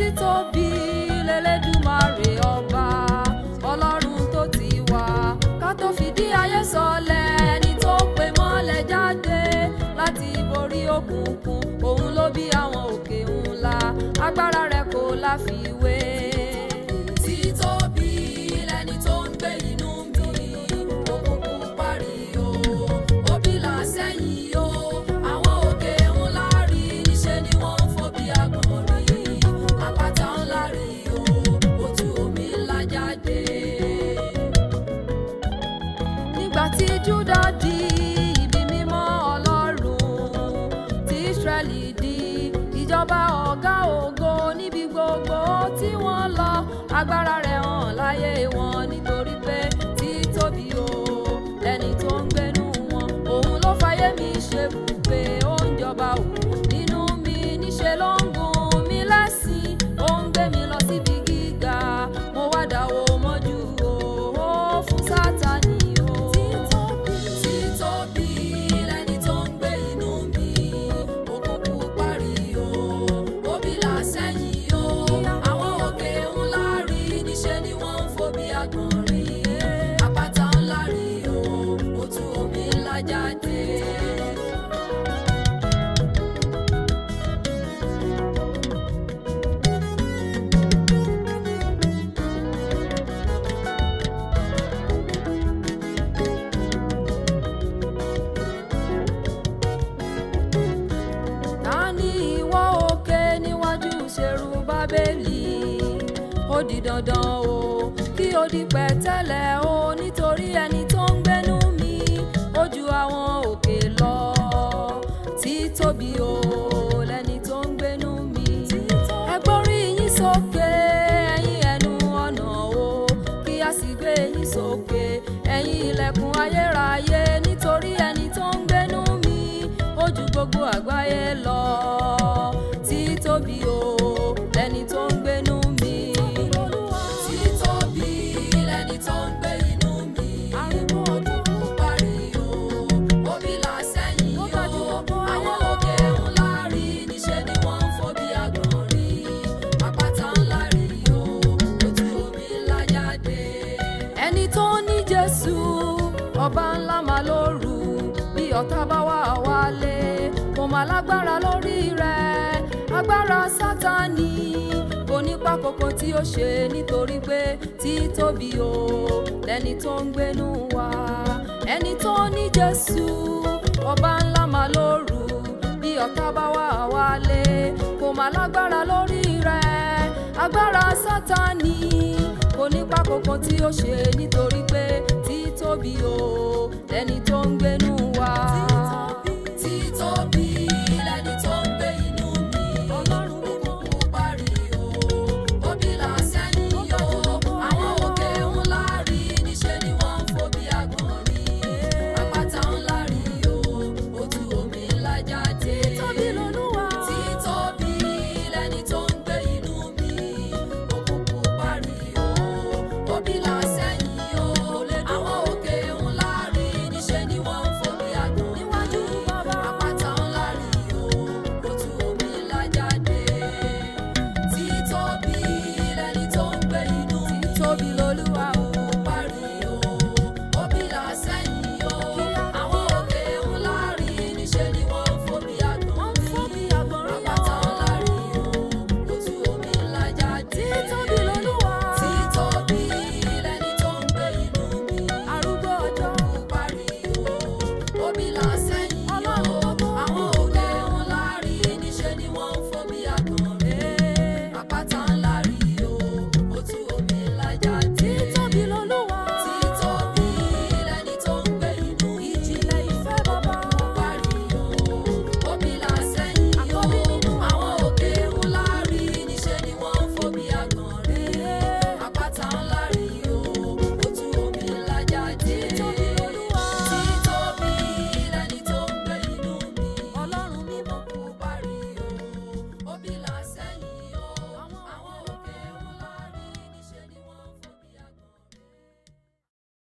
títóbi lẹ́lẹ́dùmarè ọba ọlọ́run tó ti wà ká tó fìdí ayé sọlẹ̀ ẹni tó pe mọ́lẹ̀ jáde láti borí òkùnkùn òun ló bí àwọn òkè ńlá agbára rẹ̀ kò láfiwé. ọ̀gá ògo níbi gbogbo tí wọ́n lọ agbára rẹ̀. ó di dandan o kí o di pẹ̀tẹ́lẹ̀ o nítorí ẹni tó ń gbénú mi ó ju àwọn òkè lọ títóbi o lẹni tó ń gbénú mi ẹ gbórí yín sókè ẹ̀yin ẹnu ọ̀nà o kí a sì gbé yín sókè ẹ̀yin ilẹ̀kùn ayérayé. mà lágbára lórí rẹ̀ agbára sátani onípa kòkò tí ó ṣe nítorí pé títóbi o lẹni tó ń gbénú wa ẹni tó ní Jésù ọba ńlá mà lóru bí ọ̀tá bá wà wálé kò mà lágbára lórí rẹ̀ agbára sátani onípa kòkò tí ó ṣe nítorí pé títóbi o lẹni tó ń gbénú